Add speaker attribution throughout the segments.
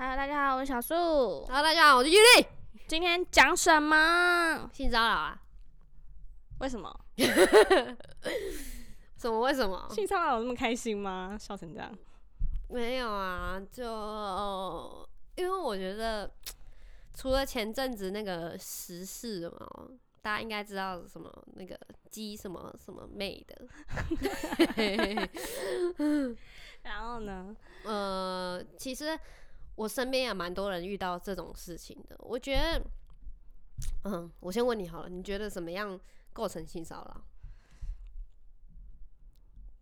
Speaker 1: Hello，大家好，我是小粟。Hello，大家好，我是玉麗。今天講什麼？性騷擾啊？為什麼？ 什麼？為什麼？性騷擾有那麼開心嗎？笑成這樣？
Speaker 2: 沒有啊，就、呃、因為我覺得，除了前陣子那個時事嘛，大家應該知道什麼那個雞什麼什麼妹的。 然後呢？呃，其實。我身邊也蠻多人遇到這種事情的，我覺得，嗯，我先問你好了，你覺得怎麼樣構成性騷擾？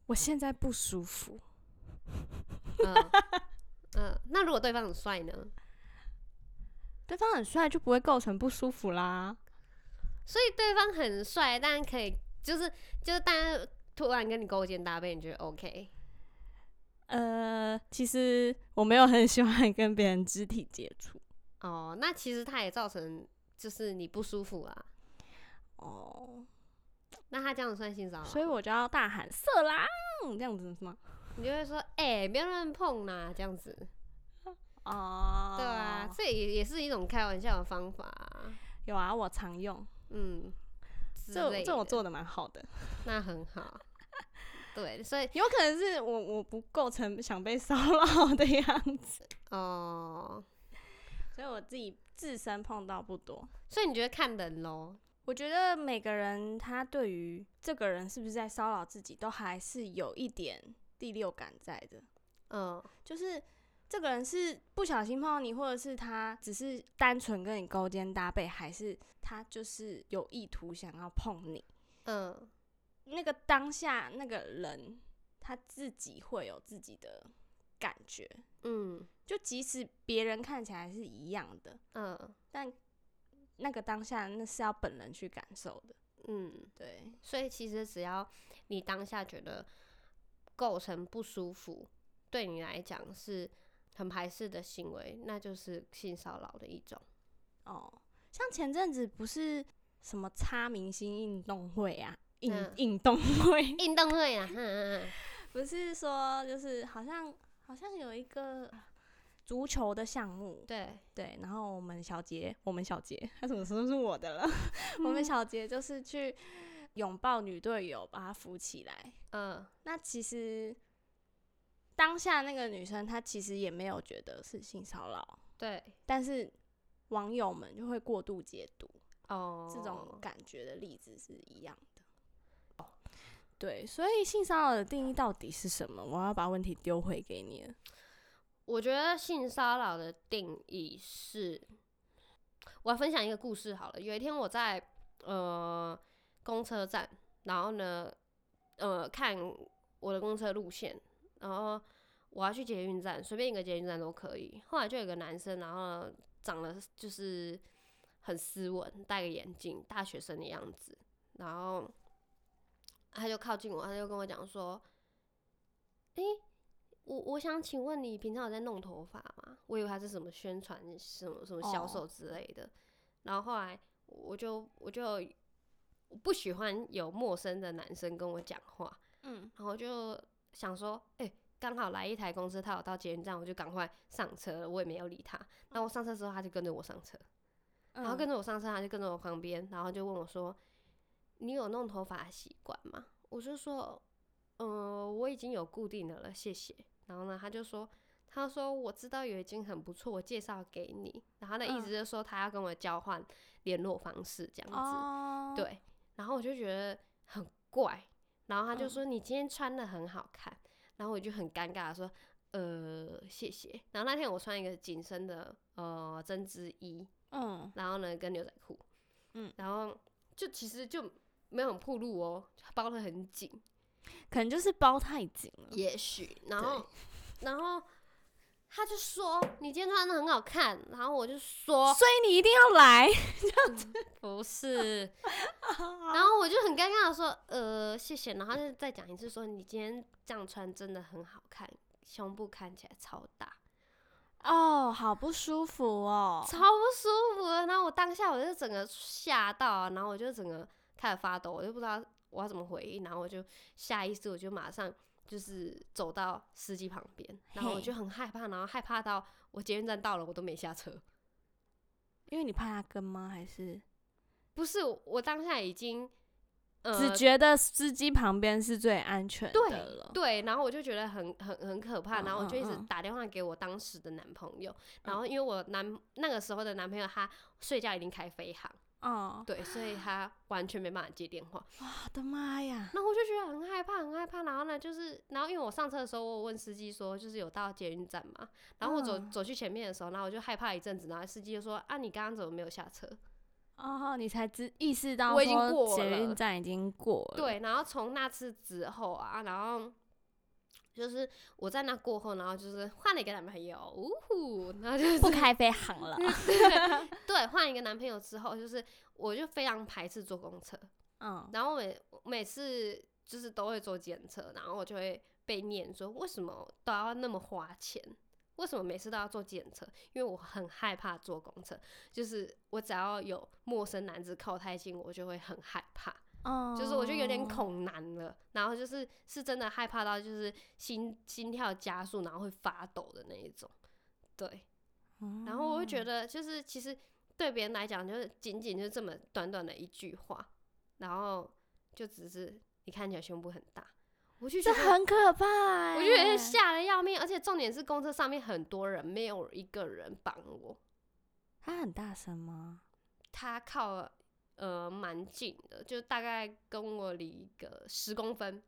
Speaker 1: 我現在不舒服
Speaker 2: 嗯 嗯。嗯，那如果對方很帥呢？
Speaker 1: 對方很帥就不會構成不舒服啦。
Speaker 2: 所以對方很帥，但可以，就是就是，大家突然跟你勾肩搭背，你覺得 OK？
Speaker 1: 呃，其實我沒有很喜歡跟別人肢體接觸。
Speaker 2: 哦，那其實他也造成就是你不舒服啊。
Speaker 1: 哦，
Speaker 2: 那他這樣算性騷擾啊？所以我就要大喊色狼這樣子是嗎？你就會說，哎、欸，不要亂碰啦這樣子。哦，對啊，這也也是一種開玩笑的方法。有啊，我常用。
Speaker 1: 嗯，這這我做的蠻好的。那很好。對，所以有可能是我我不構成想被騷擾的樣子哦，oh. 所以我自己自身碰到不多，所以你覺得看人咯？我覺得每個人他對於這個人是不是在騷擾自己，都還是有一點第六感在的。嗯，oh. 就是這個人是不小心碰到你，或者是他只是單純跟你勾肩搭背，還是他就是有意圖想要碰你？嗯。Oh. 那個當下那個人他自己會有自己的感覺，嗯，就即使別人看起來是一樣的，嗯，但那個當下那是要本
Speaker 2: 人去感受的，嗯，對，所以其實只要你當下覺得構成不舒服，對你來講是很排斥的行為，那就是性騷擾的一種。哦，像前陣子不是
Speaker 1: 什麼差明星運動會啊？運運引、嗯、動會，運 動會啊，嗯嗯嗯，不是說就是好像好像有一個足球的項目，對對，然後我們小杰，我們小杰，他怎麼說是我的了？我們小杰就是去擁抱女隊友，把她扶起來。嗯，那其實當下那個女生她其實也沒有覺得是性騷擾，對，但是網友們就會過度解讀哦，這種
Speaker 2: 感覺的例子是一樣的。
Speaker 1: 對，所以性騷擾的定義到底是什麼？我要把問題丟回給你。
Speaker 2: 我覺得性騷擾的定義是，我要分享一個故事好了。有一天我在呃公車站，然後呢，呃看我的公車路線，然後我要去捷運站，隨便一個捷運站都可以。後來就有一個男生，然後長得就是很斯文，戴個眼鏡，大學生的樣子，然後。他就靠近我，他就跟我講說：“哎、欸，我我想請問你，平常有在弄頭髮嗎？”我以為他是什麼宣傳、什麼什麼銷售之類的。Oh. 然後後來我就我就不喜歡有陌生的男生跟我講話。嗯。Mm. 然後就想說：“哎、欸，剛好來一台公車，他有到捷運站，我就趕快上車了。”我也沒有理他。那我上車之後，他就跟着我上車，然後跟着我上車，他就跟着我旁邊，mm. 然後就問我說。你有弄頭髮的習慣嗎？我就說，呃，我已經有固定的了，謝謝。然後呢，他就說，他說我知道有一件很不錯，我介紹給你。然後他的、嗯、意思就是說，他要跟我交換聯絡方式這樣子。哦、對。然後我就覺得很怪。然後他就說，你今天穿得很好看。嗯、然後我就很尷尬地說，呃，謝謝。然後那天我穿一個緊身的呃針織衣。嗯。然後呢，跟牛仔褲。嗯。然後就其實就。沒有很暴露哦，包的很緊，
Speaker 1: 可能就是包太緊了。也許，然後，
Speaker 2: 對然後他就說：“你今天穿的很好看。”然後我就說：“所以你一定要來。嗯”這樣子不是？然後我就很尷尬的說：“呃，謝謝。”然後就再講一次說：“你今天這樣穿真的很好看，胸部看起來超大。”哦，好不舒服哦，超不舒服。然後我當下我就整個嚇到、啊，然後我就整個。開始發抖，我就不知道我要怎麼回應，然後我就下意識我就馬上就是走到司機旁邊，然後我就很害怕，然後害怕到我捷運站到了我都沒下車，因為你怕他跟嗎？還是不是？我當下已經、呃、只覺得司
Speaker 1: 機旁邊是最安全的了
Speaker 2: 對,對，然後我就覺得很很很可怕，嗯嗯嗯然後我就一直打電話給我當時的男朋友，嗯、然後因為我男那個時候的男朋友他睡覺已經開飛航。哦，oh, 對，所以他完全沒辦法接電話。我的媽呀！那我就覺得很害怕，很害怕。然後呢，就是然後因為我上車的時候，我有問司機說，就是有到捷運站嘛？然後我走、oh. 走去前面的時候，然後我就害怕一陣子。然後司機就說：“啊，你剛剛怎麼沒有下車？”哦
Speaker 1: ，oh, 你才知意識到已我已經過了捷運站，已經過了。
Speaker 2: 對，然後從那次之後啊，然後。就是我在那過後，然後就是換了一個男朋友，嗚呼，然後就是不開飛行了、嗯。對，換 一個男朋友之後，就是我就非常排斥坐公車。嗯，然後我每每次就是都會坐計程車，然後我就會被念說為什麼都要那麼花錢，為什麼每次都要坐計程車？因為我很害怕坐公車，就是我只要有陌生男子靠太近，我就會很害怕。就是我就有點恐男了，oh. 然後就是是真的害怕到就是心心跳加速，然後會發抖的那一種，對，oh. 然後我就覺得就是其實對別人來講就是僅僅就這麼短短的一句話，然後就只是你看起來胸部很大，我就覺得、就是、很可怕、欸，我覺得嚇得要命，而且重點是公車上面很多人沒有一個人幫我，
Speaker 1: 他很大聲嗎？
Speaker 2: 他靠了呃，蠻近的，就大概跟我離一個十公分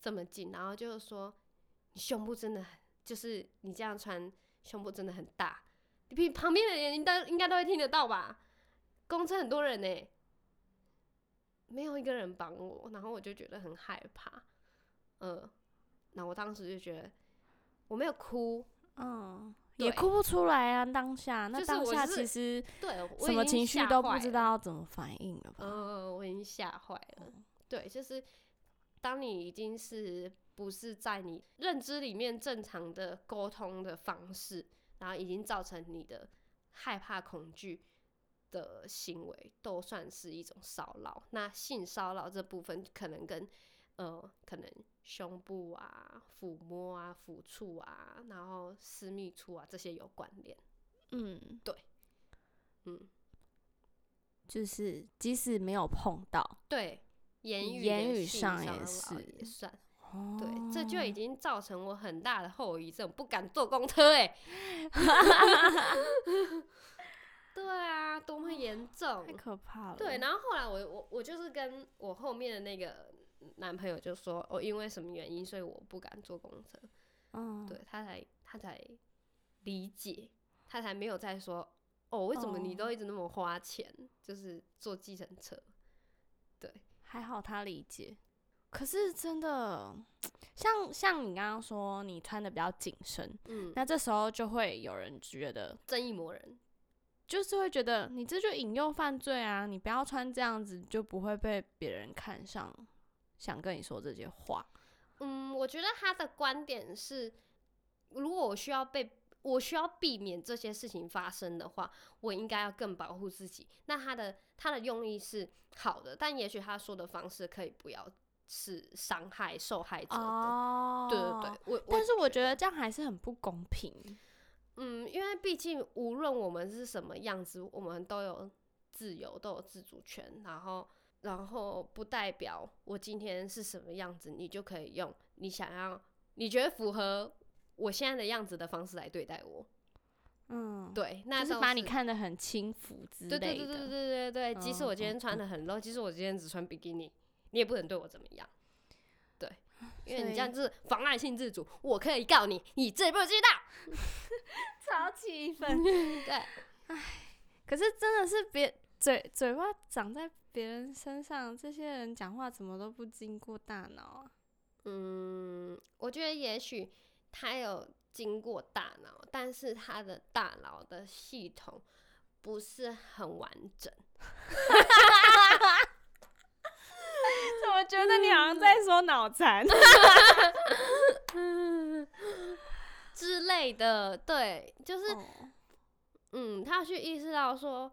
Speaker 2: 這麼近，然後就是說你胸部真的很，就是你這樣穿胸部真的很大，你比旁邊的人都應該應該都會聽得到吧？公車很多人呢、欸，沒有一個人幫我，然後我就覺得很害怕，嗯、呃，那我當時就覺得我沒有哭，嗯、哦。
Speaker 1: 也哭不出來啊，當下那當下其實什麼情緒都不知道要怎麼反應了吧？
Speaker 2: 嗯，我已經嚇壞了。對，就是當你已經是不是在你認知裡面正常的溝通的方式，然後已經造成你的害怕、恐懼的行為，都算是一種騷擾。那性騷擾這部分可能跟。呃，可能胸部啊、撫摸啊、撫觸啊，然後私密處啊，這些有關聯。
Speaker 1: 嗯，對，
Speaker 2: 嗯，
Speaker 1: 就是即使沒有碰到，對，
Speaker 2: 言語言語上也是上也算。哦、對，這就已經造成我很大的後遺症，不敢坐公車誒、欸。 對啊，多麼嚴重，太可怕了。對，然後後來我我我就是跟我後面的那個男朋友就說，哦，因為什麼原因，所以我不敢坐公車。嗯，對他才他才理解，他才沒有再說哦，為什麼你都一直那麼花錢，哦、就是坐計程車。對，還好他理解。
Speaker 1: 可是真的，像像你剛剛說，你穿得比較緊身，嗯，那這時候就會有人覺得
Speaker 2: 正義魔人。
Speaker 1: 就是會覺得你這就引誘犯罪啊！你不要穿這樣子，就不會被別人看上，想跟你說這些話。
Speaker 2: 嗯，我覺得他的觀點是，如果我需要被，我需要避免這些事情發生的話，我應該要更保護自己。那他的他的用意是好的，但也許他說的方式可以不要是傷害受害者的。哦，對對對，我但是我覺
Speaker 1: 得這樣還是很不公平。
Speaker 2: 嗯，因為畢竟無論我們是什麼樣子，我們都有自由，都有自主權。然後，然後不代表我今天是什麼樣子，你就可以用你想要、你覺得符合我現在的樣子的方式來對待我。嗯，
Speaker 1: 對，那是，是把你看得很輕浮之類的。對對對對對對對，哦、即使我今天
Speaker 2: 穿的很露、哦，即使我今天只穿比基尼，你也不能對我怎麼樣。因為你這樣子妨礙性自主，以我可以告你，你知不知道？呵呵，超氣憤。 對，唉，可是真的是別，嘴，嘴巴長在別人身上，這些人講話怎麼都不經過大腦啊？嗯，我覺得也許他有經過大腦，但是他的大腦的系統不是很完整。 怎
Speaker 1: 麼覺得你好像在說腦殘、嗯、
Speaker 2: 之類的？對，就是，oh. 嗯，他要去意識到說，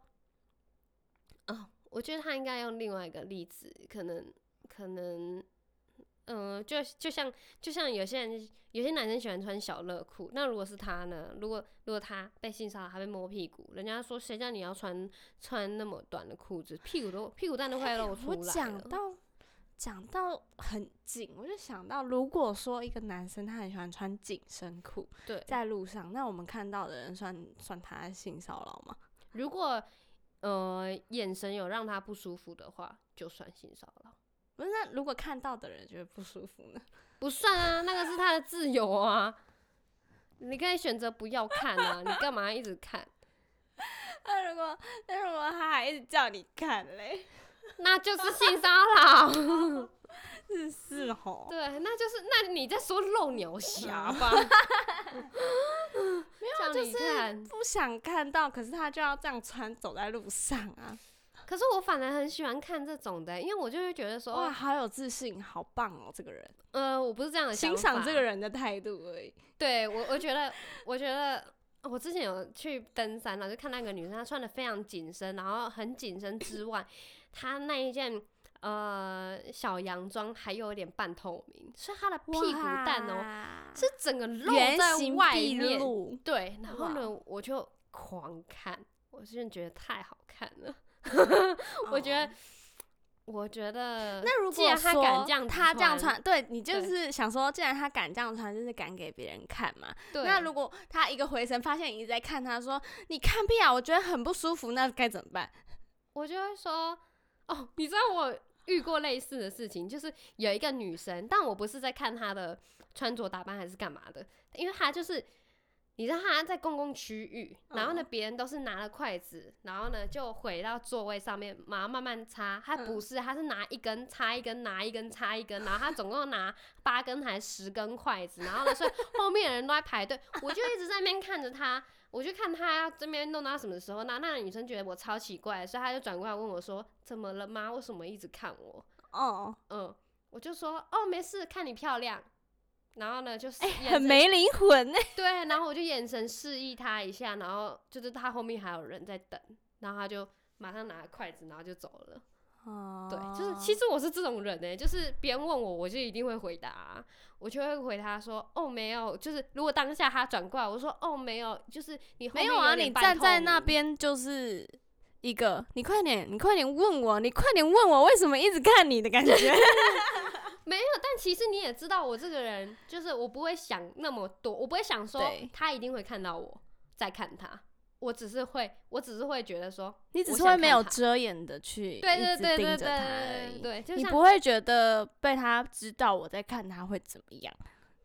Speaker 2: 哦，我覺得他應該用另外一個例子，可能，可能，嗯、呃，就就像就像有些人，有些男生喜歡穿小熱褲，那如果是他呢？如果如果他被性騷擾，他被摸屁股，人家說誰叫你要穿穿那麼短的褲子，屁股都屁股蛋都快露出來了。我講到很緊，我就想到，如果
Speaker 1: 說一個男生他很喜歡穿緊身褲，在路上，對那我們看到的人算
Speaker 2: 算他性騷擾嗎？如果呃眼神有讓他不舒服的話，就算性騷擾。不是，那如果看到的人覺得不舒服呢？不算啊，那個是他的自由啊。 你可以選擇不要看啊， 你幹嘛一直看？
Speaker 1: 那、啊、如果那如果他還一直叫你看嘞？
Speaker 2: 那就是性騷擾，是是吼。對，那就是那你在說露鳥俠吧？沒有，
Speaker 1: 就是不想看到，可是他就要這樣穿走在路上啊。可是我反而很喜
Speaker 2: 歡看這種的，因為我就是覺得說哇，好有自信，好棒哦、喔，這個人。呃，我不是這樣的，欣賞這個人的態度而已。對我，我覺得，我覺得，我之前有去登山然後，就看那個女生，她穿得非常緊身，然後很緊身之外。 他那一件呃小洋裝還有一點半透明，所以他的屁股蛋哦哇是整個露在外面。對，然後呢哇我就狂看，我真的覺得太好看了。 我覺得，哦、我覺得，那如果說他敢這樣，他這樣穿，對你就是想說，
Speaker 1: 既然他敢這樣穿，就是敢給別人看嘛。對那如果他一個回神發現你一直在看，
Speaker 2: 他說：“你看屁啊！”我覺得很不舒服，那該怎麼辦？我就會說。哦，oh, 你知道我遇過類似的事情，就是有一個女生，但我不是在看她的穿着打扮還是幹嘛的，因為她就是，你知道她在公共區域，然後呢別人都是拿了筷子，oh. 然後呢就回到座位上面，然後慢慢擦。她不是，她是拿一根擦一根，拿一根擦一根，然後她總共拿八根還是十根筷子， 然後呢所以後面的人都在排隊，我就一直在那邊看着她。我就看他這邊弄到他什麼時候，那那個、女生覺得我超奇怪，所以她就轉過來問我說：“怎麼了嗎？為什麼一直看我？”哦，oh. 嗯，我就說：“哦，沒事，看你漂亮。”然後呢，就是、欸、很沒靈魂呢、欸。對，然後我就眼神示意他一下， 然後就是他後面還有人在等，然後他就馬上拿了筷子，然後就走了。 對，就是其實我是這種人呢、欸，就是別人問我，我就一定會回答，啊，我就會回答說，哦，沒有，就是如果當下他轉過來，我說，哦，沒有，就是你有沒有啊，你站在那
Speaker 1: 邊就是一個，你快點，你快點問我，你快點問我，為什麼一直看你的感覺？
Speaker 2: 沒有，但其實你也知道，我這個人就是我不會想那麼多，我不會想說他一定會看到我對在看他。我只是會，我只是會覺得說，
Speaker 1: 你只是會沒有遮掩的去，對,對對對對對，對就你不會覺得被他知道我在看他會怎麼樣，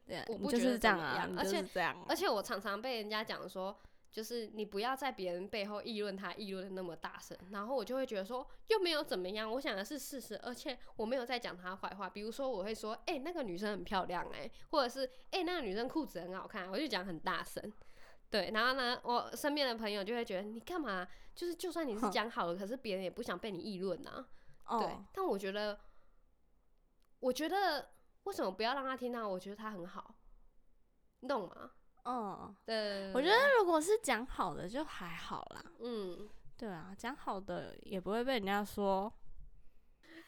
Speaker 1: 對，我不覺得就是這樣啊，而且這樣、啊，而
Speaker 2: 且我常常被人家講說，就是你不要在別人背後議論他，議論的那麼大聲，然後我就會覺得說，又沒有怎麼樣，我想的是事實，而且我沒有在講他壞話，比如說我會說，哎、欸，那個女生很漂亮、欸，哎，或者是，哎、欸，那個女生褲子很好看，我就講很大聲。對，然後呢，我身邊的朋友就會覺得，你幹嘛？就是就算你是講好的，呵可是別人也不想被你議論吶、啊。哦。對，但我覺得，我覺得為什麼不要讓他聽到？我覺得他很好，你懂嗎？嗯、哦。對。我覺得
Speaker 1: 如果是講好的就還好啦。嗯。對啊，講好的也不會被人家說。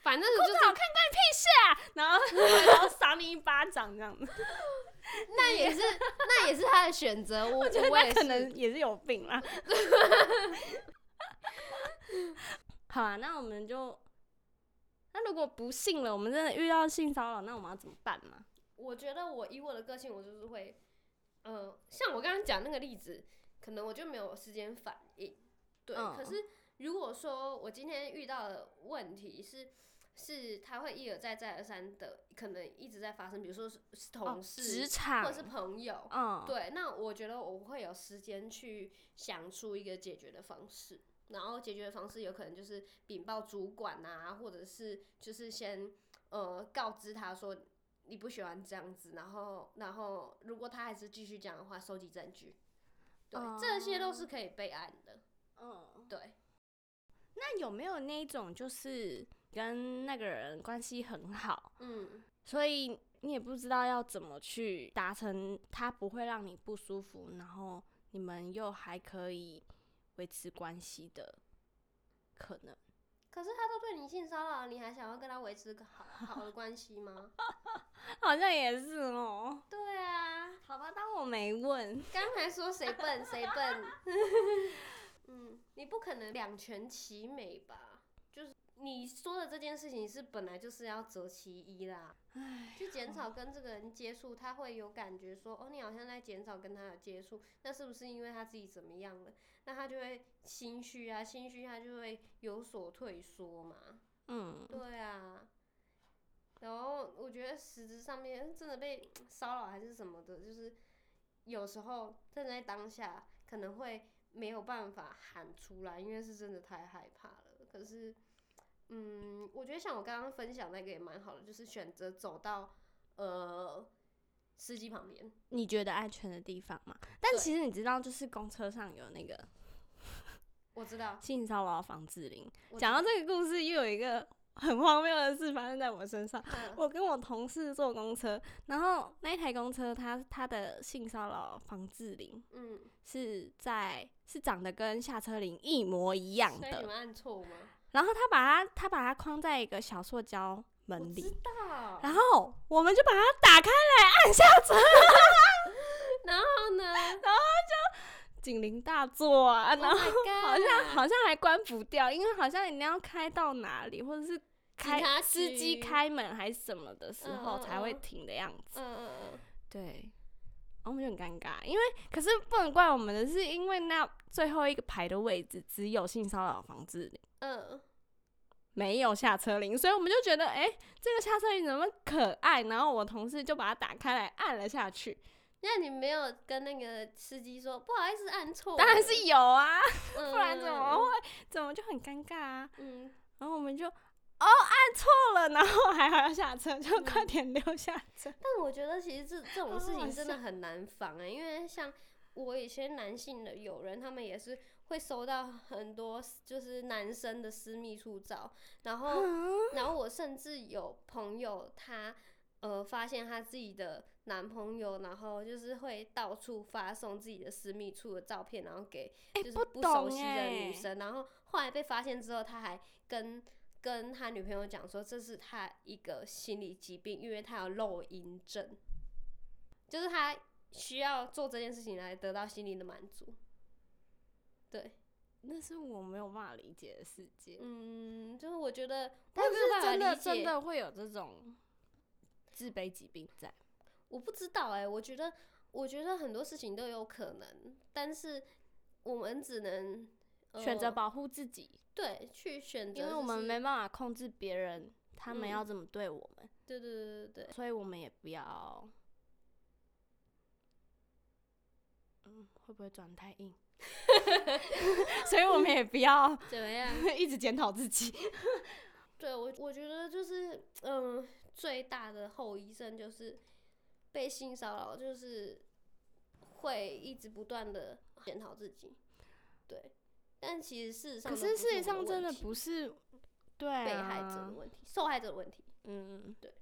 Speaker 1: 反正就是好看關你屁事啊！然後 然後賞你一巴掌這樣子。
Speaker 2: 那也是，那也是他的選擇。 我我可能也是， 也是有
Speaker 1: 病啦。 好啊，那我們就，那如果不幸了，我們真的遇到性騷擾，那我們要怎麼辦嘛？
Speaker 2: 我覺得我以我的個性，我就是會，呃，像我剛剛講那個例子，可能我就沒有時間反應。對，嗯、可是如果說我今天遇到的問題是。是，他會一而再、再而三的，可能一直在發生。比如說是同事、哦、職場或者是朋友，嗯，對。那我覺得我會有時間去想出一個解決的方式，然後解決的方式有可能就是稟報主管啊，或者是就是先呃告知他說你不喜歡這樣子，然後然後如果他還是繼續講的話，收集證據，對，嗯、這些都是可以備案的，嗯，對。
Speaker 1: 那有沒有那種就是？跟那個人關係很好，嗯，所以你也不知道要怎麼去達成他不會讓你不舒服，然後你們又還可以維持關係的可能。
Speaker 2: 可是他都對你性騷擾，你還想要跟他維持個好好的關係嗎？ 好
Speaker 1: 像也是哦、
Speaker 2: 喔。對啊，好吧，當我沒問。剛才說誰笨誰笨。笨 嗯，你不可能兩全其美吧？就是。你說的這件事情是本來就是要擇其一啦，唉呦 就減少跟這個人接觸，唉呦 他會有感覺說，哦，你好像在減少跟他的接觸，那是不是因為他自己怎麼樣了？那他就會心虛啊，心虛他就會有所退縮嘛。嗯，
Speaker 1: 對
Speaker 2: 啊。然後我覺得實質上面真的被騷擾還是什麼的，就是有時候正在當下可能會沒有辦法喊出來，因為是真的太害怕了。可是。嗯，我覺得像我剛剛分享那個也蠻好的，就是選擇走到呃司機旁邊，
Speaker 1: 你覺得安全的地方嘛。對但其實你知道，就是公車上有那個，我知道 性騷擾防治鈴。講到這個故事，又有一個很荒謬的事發生在我身上。嗯、我跟我同事坐公車，然後那台公車他他的性騷擾防治鈴，嗯，是在是長得跟下車鈴一模一樣的。所以你
Speaker 2: 們按錯過嗎？
Speaker 1: 然後他把他，他把他框在一個小塑膠門裡，然後我們就把它打開來按下車， 然
Speaker 2: 後呢，然後就
Speaker 1: 警鈴大作啊，然後、oh、好像好像還關不掉，因為好像你要開到哪裡，或者是開司機開門還是什麼的時候、嗯、才會停的樣
Speaker 2: 子，嗯、
Speaker 1: 對，然後我們就很尷尬，因為可是不能怪我們的是，因為那最後一個排的位置只有性騷擾防治。嗯，沒有下車鈴，所以我們就覺得，哎，這個下車鈴怎麼可愛？然後我同事就把它打開來按了下去。
Speaker 2: 那你沒有跟那個司機說不好意思按錯了？當然是有啊，嗯、不然怎麼會？怎麼就很尷尬啊？嗯，然後我們就，哦，按錯了，然後還好要下車，就快點溜下車。嗯、但我覺得其實這這種事情真的很難防、欸，啊、因為像我以前男性的友人，他們也是。會收到很多就是男生的私密處照，然後，然後我甚至有朋友他，他呃發現他自己的男朋友，然後就是會到處發送自己的私密處的照片，然後給就是不熟悉的女生，欸欸、然後後來被發現之後，他還跟跟他女朋友講說這是他一個心理疾病，因為他有露陰症，就是他需要做這件事情來得到心理的滿足。對，
Speaker 1: 那是我沒有辦法理解的世界。
Speaker 2: 嗯，就是我覺得，
Speaker 1: 但是真的，會會真的真的會有這種自卑疾病在。
Speaker 2: 我不知道哎、欸，我覺得我覺得很多事情都有可能，但是我們只能選擇保護自己、呃。對，去選擇，因為我們沒
Speaker 1: 辦法控制別人、嗯、他們要怎麼對我們。
Speaker 2: 對對對對對，所
Speaker 1: 以我們也不要，嗯。會不會轉太硬？ 所以我們也不要怎麼樣， 一直檢討自己
Speaker 2: 對。對我，我覺得就是，嗯，最大的後遺症就是被性騷擾，就是會一直不斷的檢討自己。對，但其實事實上，可是事實上真的不
Speaker 1: 是對、
Speaker 2: 啊、被害者的問題，受害者的問題。嗯，對。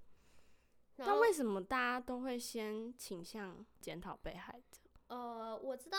Speaker 2: 那為什
Speaker 1: 麼大家都會先傾向檢討被害者？
Speaker 2: 呃，我知道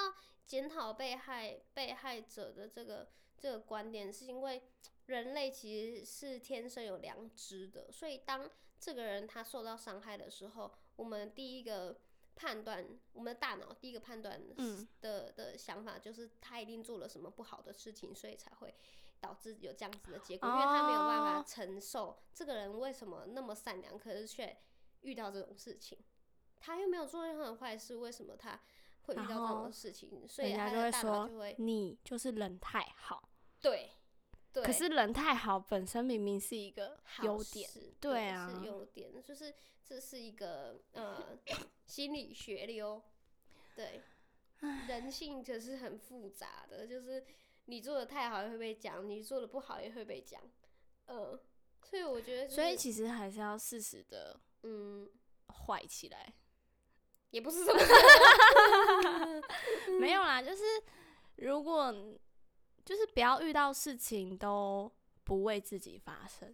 Speaker 2: 檢討被害被害者的這個這個觀點，是因為人類其實是天生有良知的，所以當這個人他受到傷害的時候，我們第一個判斷，我們的大腦第一個判斷的、嗯、的想法就是他一定做了什麼不好的事情，所以才會導致有這樣子的結果，因為他沒有辦法承受這個人為什麼那麼善良，可是卻遇到這種事情，他又沒有做任何壞事，為什麼他？會遇到這種事情，後所以人家就會說，你
Speaker 1: 就是人太好。
Speaker 2: 對，對可是人
Speaker 1: 太好本身明明是
Speaker 2: 一個優點，對，對啊，是優點，就是這是一個呃 心理學的哦。對， 人性就是很複雜的，就是你做的太好也會被講，你做的不好也會被講。嗯、呃，所以我覺得、就是，所以其
Speaker 1: 實還是要適時的嗯壞起來。也不是什麼，沒有啦，就是如果就是不要遇到事情都不為自己發聲。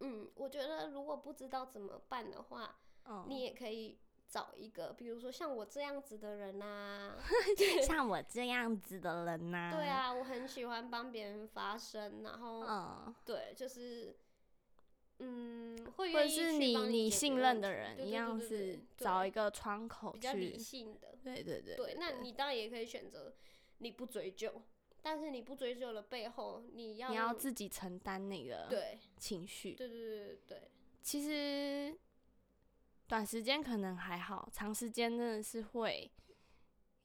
Speaker 2: 嗯，我覺得如果不知道怎麼辦的話，哦、你也可以找一個，比如說像我這樣子的人吶、啊，
Speaker 1: 對像我這樣子的人吶、啊。對啊，
Speaker 2: 我很喜歡幫別人發聲，然後，哦、對，就是。嗯，或者是你你信任的人對對對對對，一樣是找
Speaker 1: 一個窗口去，比較理性
Speaker 2: 的。對對對，對，對，對，對，對，對，那你當然也可以選擇你，你，你不追究，但是你不追究的背後，你要你要自
Speaker 1: 己承擔那個情緒。對
Speaker 2: 對對對對，對對對，
Speaker 1: 其實短時間可能還好，長時間真的是會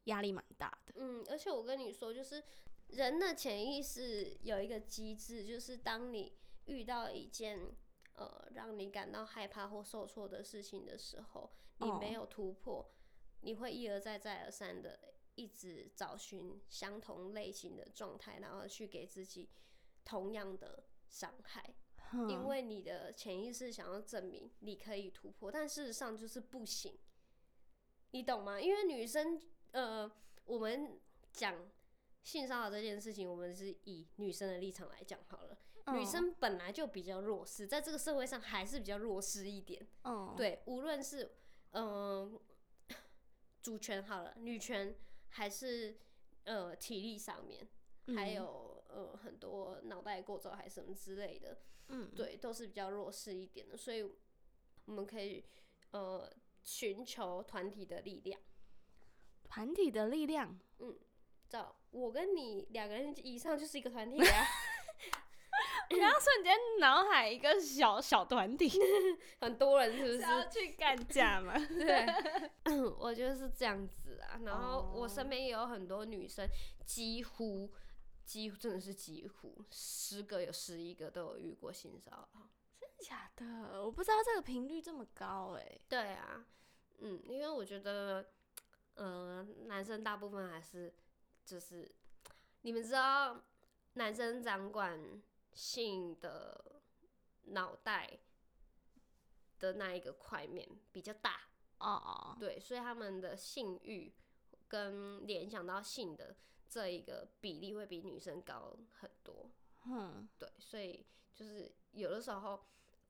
Speaker 1: 壓力蠻大
Speaker 2: 的。嗯，而且我跟你說，就是人的潛意識有一個機製，就是當你遇到一件。呃，讓你感到害怕或受挫的事情的時候，你沒有突破，Oh. 你會一而再、再而三的一直找尋相同類型的狀態，然後去給自己同樣的傷害，Huh. 因為你的潛意識想要證明你可以突破，但事實上就是不行，你懂嗎？因為女生，呃，我們講性騷擾這件事情，我們是以女生的立場來講好了。女生本來就比較弱勢，在這個社會上還是比較弱勢一點。Oh. 對，無論是嗯、呃，主權好了，女權還是呃體力上面，嗯、還有呃很多腦袋構造還是什麼之類的。嗯、對，都是比較弱勢一點的，所以我們可以呃尋求團體的力量。
Speaker 1: 團體的
Speaker 2: 力量。嗯，找我跟你兩個人以上就是一個團體。 然後瞬間腦海一個小小團體， 很多人是不是，是要去幹架嘛？ 對，我就是這樣子啊。然後我身邊也有很多女生，哦、幾乎、幾乎真的是幾乎，十個有十一個都有遇過性騷擾。真的假的？我不知道這個頻率這麼高哎、欸。對啊，嗯，因為我覺得，嗯、呃，男生大部分還是就是，你們知道，男生掌管。性的腦袋的那一個塊面比較大哦哦，oh。對，所以他們的性欲跟聯想到性的這一個比例會比女生高很多。嗯，hmm。對，所以就是有的時候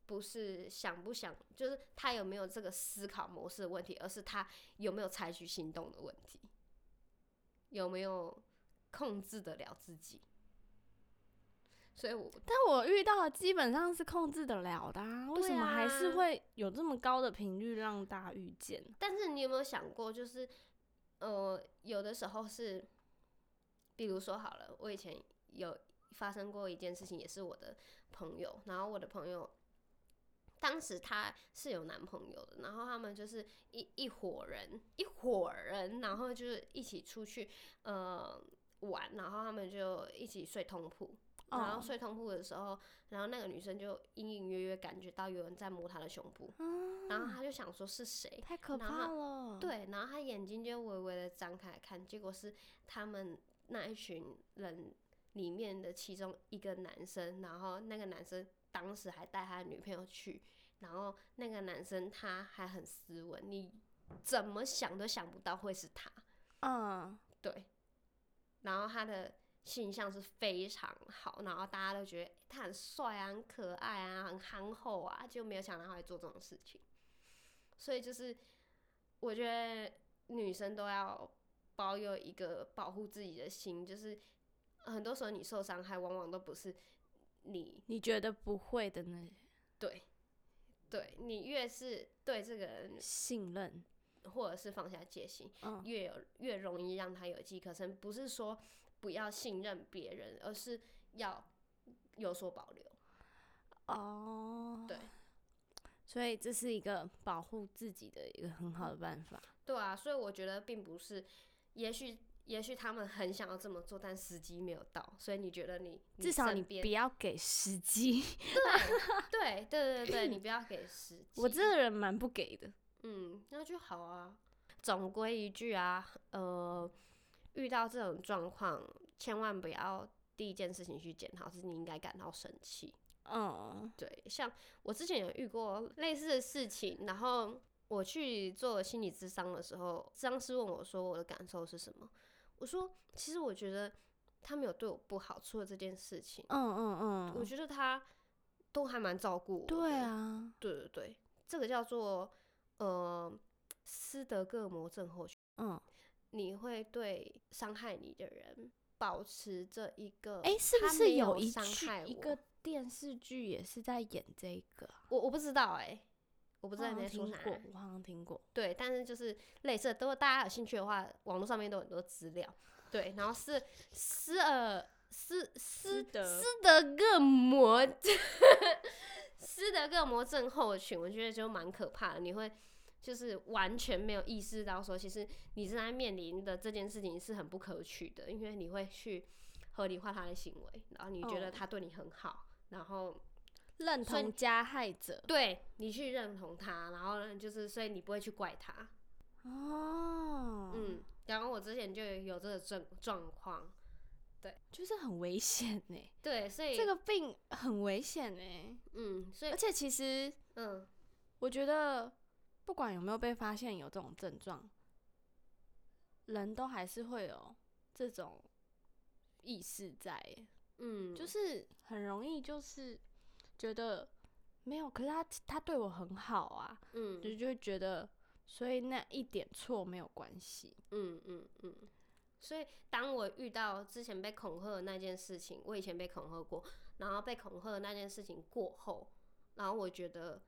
Speaker 2: 不是想不想，就是他有沒有這個思考模式的問題，而是他有沒有採取行動的問題，有沒有控制得了自己。所以，我，但我遇到的基本
Speaker 1: 上是控制得了的啊，啊為什麼還是會有這麼高的頻率讓大家遇
Speaker 2: 見？但是你有沒有想過，就是呃，有的時候是，比如說好了，我以前有發生過一件事情，也是我的朋友，然後我的朋友當時他是有男朋友的，然後他們就是一一夥人，一夥人，然後就是一起出去呃玩，然後他們就一起睡通鋪。然後睡通鋪的時候，oh. 然後那個女生就隱隱約約感覺到有人在摸她的胸部，oh. 然後她就想說是誰？太可怕了！對，然後她眼睛就微微的張開看，結果是他們那一群人裡面的其中一個男生，然後那個男生當時還帶他的女朋友去，然後那個男生他還很斯文，你怎麼想都想不到會是他。嗯，oh. 對，然後他的形象是非常好，然後大家都覺得他很帥啊、很可愛啊、很憨厚啊，就沒有想到他會做這種事情。所以就是，我覺得女生都要保有一個保護自己的心，就是很多時候你受傷害，往往都不是你你覺得不會的呢。對，對你越是對這個人信任或者是放下戒心，哦、越有越容易讓他有機可乘，不是說。不要信任別人，而是要有所保留。哦，oh，對，所以這是一個
Speaker 1: 保護自己的一個很好的辦法。嗯。
Speaker 2: 對啊，所以我覺得並不是，也許也許他們很想要這麼做，但時機沒有到。所以你覺得你，你至少你不
Speaker 1: 要給時機。
Speaker 2: 對，對對對對， 你不要給時機。我這個人蠻不給的。嗯，那就好啊。總歸一句啊，呃。遇到這種狀況，千萬不要第一件事情去檢討，是你應該感到生氣。嗯，對，像我之前有遇過類似的事情，然後我去做心理諮商的時候，諮商師問我說我的感受是什麼？我說其實我覺得他沒有對我不好，除了這件事情。嗯嗯嗯，我覺得他都還蠻照顧我。對啊，對對對，這個叫做呃斯德哥爾摩症候群。嗯。你會對傷害你的人保持着一個，哎、欸，是不是有一去一個
Speaker 1: 電視劇也是在演這個？
Speaker 2: 我我不知道哎，我不知道,、欸、不知道有沒聽過，我好
Speaker 1: 像聽過。兒聽過
Speaker 2: 對，但是就是類似的，如果大家有興趣的話，網絡上面都有很多資料。對，然後是斯爾斯斯德斯德哥爾摩，斯德哥爾摩症候群，我覺得就蠻可怕的，你會。就是完全沒有意識到說，其實你正在面臨的這件事情是很不可取的，因為你會去合理化他的行為，然後你覺得他對你很好，哦、然後認同加害者，對，你去認同他，然後呢，就是所以你不會去怪他。哦，嗯，然後我之前就有這個狀狀況，對，就是
Speaker 1: 很危險呢。對，所以這個病很危險呢。嗯，所以而且其實，嗯，嗯我覺得。不管有沒有被發現有這種症狀，人都還是會有這種意識在，嗯，就是很容易就是覺得沒有，可是他他對我很好啊，嗯，就就會覺得，所以那一點錯沒有關係。嗯，嗯嗯嗯，
Speaker 2: 所以當我遇到之前被恐嚇的那件事情，我以前被恐嚇過，然後被恐嚇的那件事情過後，然後我覺得。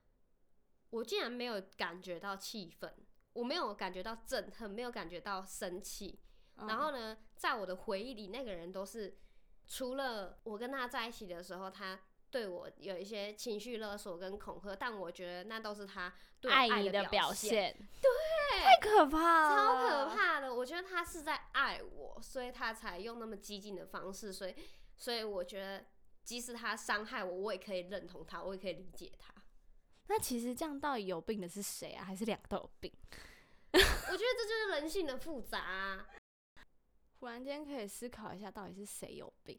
Speaker 2: 我竟然沒有感覺到氣憤，我沒有感覺到憎恨，沒有感覺到生氣。Oh. 然後呢，在我的回憶裡，那個人都是除了我跟他在一起的時候，他對我有一些情緒勒索跟恐嚇，但我覺得那都是他對我愛的表現。愛你的表現。對，太可怕了，超可怕的。我覺得他是在愛我，所以他才用那麼激進的方式。所以，所以我覺得，即使他傷害我，我也可以認同他，我也可以理解他。
Speaker 1: 那其實這樣到底有病的是誰啊？還是兩都有病？
Speaker 2: 我覺得這就是人性的複雜啊。忽然間可以思
Speaker 1: 考一下，到底是誰有病？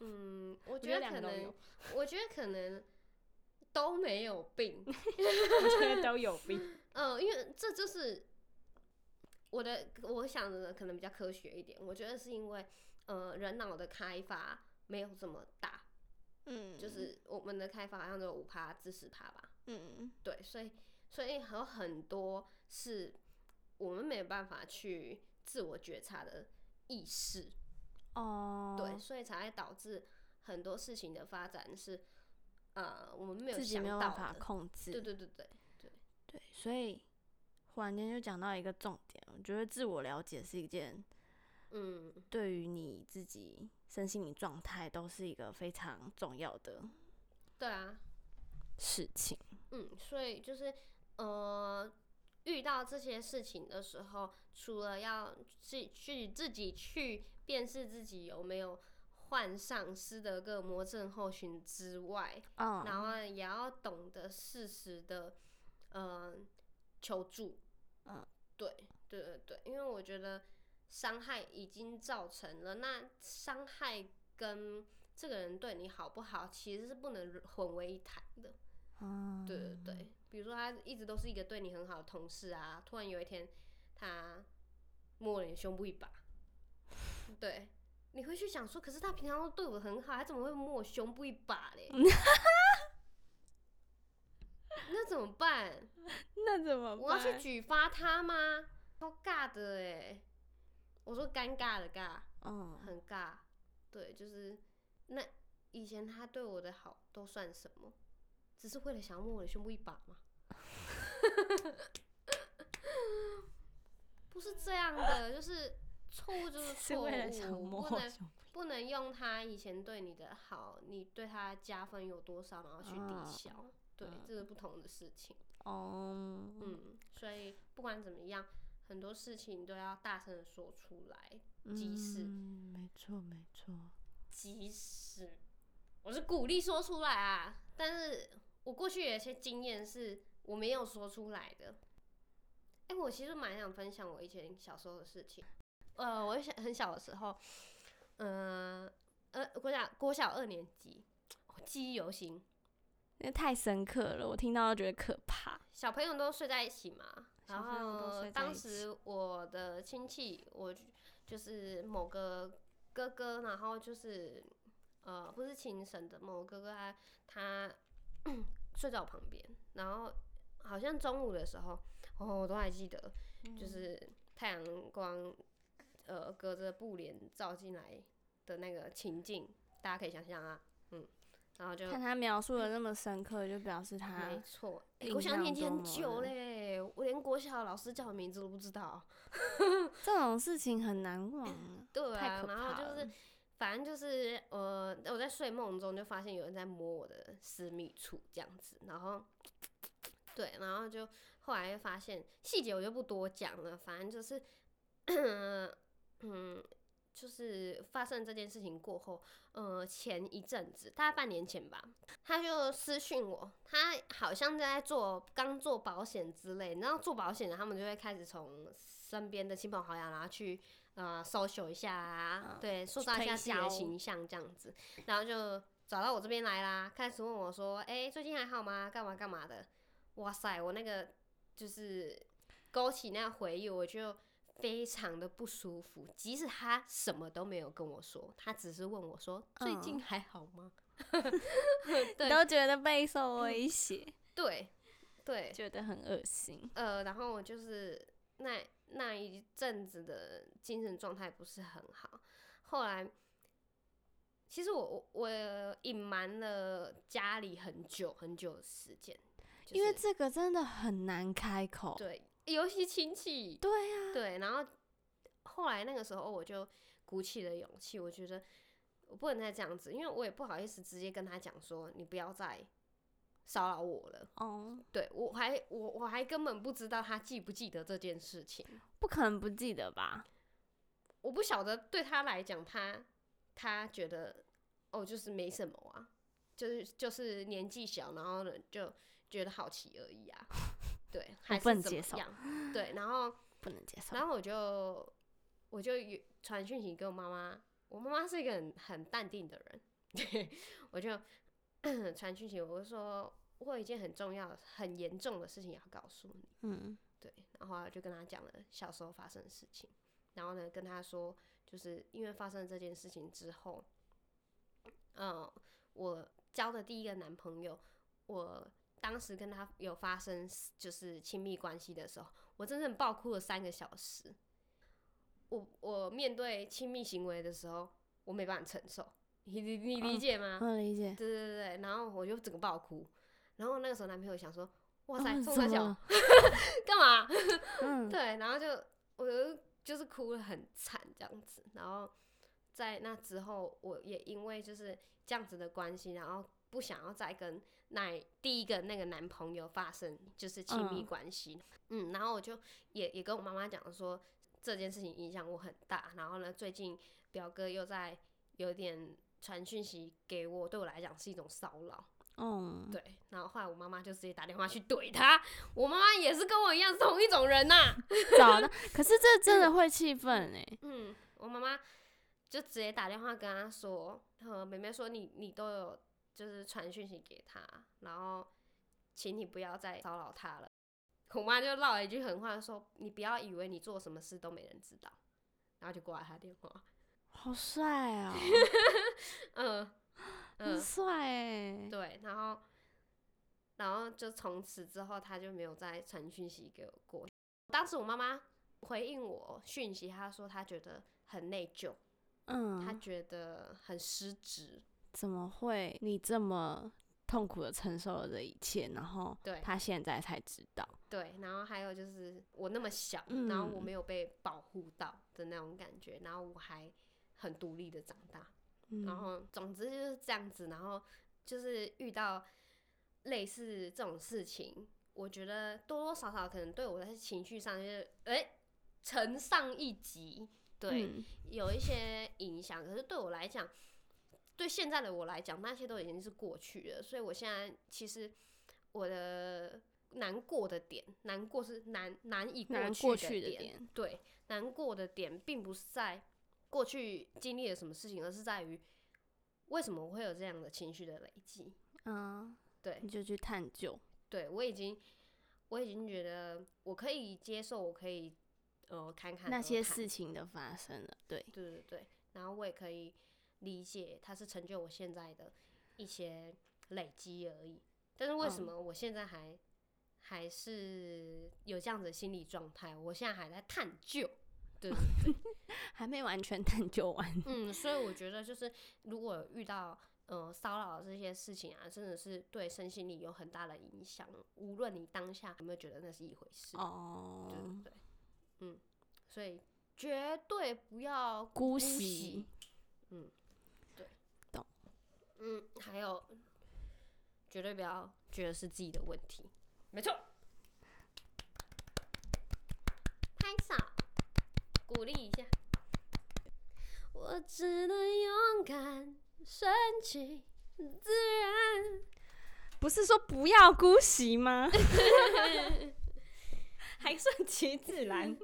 Speaker 2: 嗯，我覺得可能，我覺，我覺得可能都沒有病， 我覺得
Speaker 1: 都有病。嗯
Speaker 2: 呃，因為這就是我的，我想的可能比較科學一點。我覺得是因為，呃，人腦的開發沒有這麼大，嗯，
Speaker 1: 就是
Speaker 2: 我們的開發好像只有五趴至十趴吧。嗯，對，所以所以還有很多是我們沒有辦法去自我覺察的意識，哦，對，所以才會導致很多事情的發展是，呃，我們沒有想到自己沒有辦法控制，對對對對對對，對
Speaker 1: 對所以忽然間就講到一個重點，我覺得自我了解是一件，嗯，對於你自己身心理狀態都是一個非常重要的，
Speaker 2: 對啊，
Speaker 1: 事情。
Speaker 2: 嗯，所以就是，呃，遇到這些事情的時候，除了要自己去自己去辨識自己有沒有患上斯德哥爾摩症候群之外，uh. 然後也要懂得適時的，嗯、呃，求助。Uh. 對，對對對，因為我覺得傷害已經造成了，那傷害跟這個人對你好不好，其實是不能混為一談的。 對對對，比如說他一直都是一個對你很好的同事啊，突然有一天他摸你胸部一把， 對，你會去想說，可是他平常都對我很好，他怎麼會摸我胸部一把嘞？ 那怎麼辦？ 那怎麼辦？ 怎麼辦？我要去舉發他嗎？超尬的哎，我說尷尬的尬，嗯，很尬， 對，就是那以前他對我的好都算什麼？只是為了想摸我的胸部一把嗎？ 不是這樣的， 就是錯誤就是錯誤，為了不能不能用他以前對你的好，你對他的加分有多少，然後去抵消，呃、對，呃、這是不同的事情。
Speaker 1: 哦、嗯，嗯，
Speaker 2: 所以不管怎麼樣，很多事情都要大聲的說出來，即使，
Speaker 1: 嗯、沒
Speaker 2: 錯沒錯，即使我是鼓勵說出來啊，但是。我過去有一些經驗是我沒有說出來的，哎、欸，我其實蠻想分享我以前小時候的事情。呃，我想很小的時候，嗯、呃，呃，國小國小二年級，我記憶猶新，
Speaker 1: 那太深刻了，我聽到都覺得可怕。
Speaker 2: 小朋友都睡在一起嘛，然後當時我的親戚，我就是某個哥哥，然後就是呃，不是親生的某個哥哥、啊，他他。 睡在我旁邊，然後好像中午的時候，我、哦、我都還記得，嗯、就是太陽光，呃，隔着布簾照進來的那個情境，大家可以想像啊，嗯，然後就看他描述的那
Speaker 1: 麼深刻，欸、就表示他沒錯。欸、國小念很久
Speaker 2: 嘞，我連國小老師叫什麼名字都不知道，
Speaker 1: 這種事情很難忘、啊，
Speaker 2: 對啊，太可怕了，然後就是。反正就是，呃，我在睡夢中就發現有人在摸我的私密處，這樣子，然後，對，然後就後來就發現細節我就不多講了。反正就是，咳咳，嗯，就是發生這件事情過後，呃，前一陣子，大概半年前吧，他就私訊我，他好像在做剛做保險之類，然後做保險的他們就會開始從身邊的親朋好友拿去。啊，搜索、呃、一下啊，嗯、對塑造一下自己的形象這樣子，啊、然後就找到我這邊來啦，開始問我說：“哎、欸，最近還好嗎？幹嘛幹嘛的？”哇塞，我那個就是勾起那個回憶，我就非常的不舒服。即使他什麼都沒有跟我說，他只是問我說：“嗯、最近還好嗎？” 對都覺得備受威脅、嗯，對對，覺得很噁心。呃，然後我就是那。那一陣子的精神狀態不是很好，後來其實我我隱瞞了家裡很久很久的時間，
Speaker 1: 就是，因為這個真的很難開口，對，
Speaker 2: 尤其親戚，對啊，對，然後後來那個時候我就鼓起了勇氣，我覺得我不能再這樣子，因為我也不好意思直接跟他講說你不要再。騷擾我了哦，oh。對我還我我還根本不知道他記不記得這件事情，不可能不記得吧？我不曉得對他來講，他他覺得哦，就是沒什麼啊，就是就是年紀小，然後呢就覺得好奇而已啊。 對，還是怎麼樣？我不能接受。對，然後不能接受，然後我就我就傳訊息給我媽媽，我媽媽是一個很很淡定的人，對我就。傳訊 息我就說我有一件很重要很嚴重的事情要告訴你。嗯，對，然後我就跟他講了小時候發生的事情，然後呢，跟他說，就是因為發生了這件事情之後，嗯、呃，我交的第一個男朋友，我當時跟他有發生就是親密關係的時候，我真正爆哭了三個小時。我我面對親密行為的時候，我沒辦法承受。你你理，理，理解嗎？Oh, 理解。對對對，然後我就整個爆哭，然後那個時候男朋友想說：“
Speaker 1: 哇塞，宋小、oh、my 笑，
Speaker 2: 幹嘛？”嗯、 對，然後就我就就是哭得很慘這樣子。然後在那之後，我也因為就是這樣子的關係，然後不想要再跟那第一個那個男朋友發生就是親密關係。Oh. 嗯，然後我就也也跟我媽媽講說這件事情影響我很大。然後呢，最近表哥又在有點。傳訊息給我，對我來講是一種騷擾。
Speaker 1: 嗯，對，
Speaker 2: 然後後來我媽媽就直接打電話去懟她，我媽媽也是跟我一樣是同一種人吶、啊。早 呢，
Speaker 1: 可是這真的會氣憤哎。嗯，
Speaker 2: 我媽媽就直接打電話跟她說：“，妹妹，說你你都有就是傳訊息給她，然後請你不要再騷擾她了。”我媽就鬧了一句狠話，說：“你不要以為你做什麼事都沒人知道。”然後就掛了她電話。好帥哦、喔 嗯，嗯，很帥哎、欸。對，然後，然後就從此之後，他就沒有再傳訊息給我過。當時我媽媽回應我訊息，她說她覺得很內疚，嗯，她覺得很失職。
Speaker 1: 怎麼會？你這麼痛苦的承受了這一切，然後，對，她現在才知道。
Speaker 2: 對，然後還有就是我那麼小，嗯、然後我沒有被保護到的那種感覺，然後我還。很獨立的長大，嗯、然後總之就是這樣子，然後就是遇到類似這種事情，我覺得多多少少可能對我的情緒上就哎、是，乘、欸、上一級，對，嗯、有一些影響。可是對我來講，對現在的我來講，那些都已經是過去了。所以我現在其實我的難過的點，難過是難難以過去的點，的點對，難過的點並不是在。過去經歷了什麼事情，而是在於為什麼我會有這樣的情緒的累積？嗯，對，你就去探究。對，我已經，我已經覺得我可以接受，我可以呃看看那些事
Speaker 1: 情的發生了。對，
Speaker 2: 對對對。然後我也可以理解，它是成就我現在的一些累積而已。但是為什麼我現在還、嗯、還是有這樣子的心理狀態？我現在還在探究。對，對，對。 還沒完全探究完。嗯，所以我覺得就是，如果遇到呃騷擾這些事情啊，真的是對身心靈有很大的影響。無論你當下有沒有覺得那是一回事，哦對，對，嗯，所以絕對不要姑息，姑息。嗯，對，懂。嗯，還有，絕對不要覺得是自己的問題，沒錯，拍手。鼓勵一下。我只能勇敢順其自然。
Speaker 1: 不是說不要姑息嗎？
Speaker 2: 還順其自然。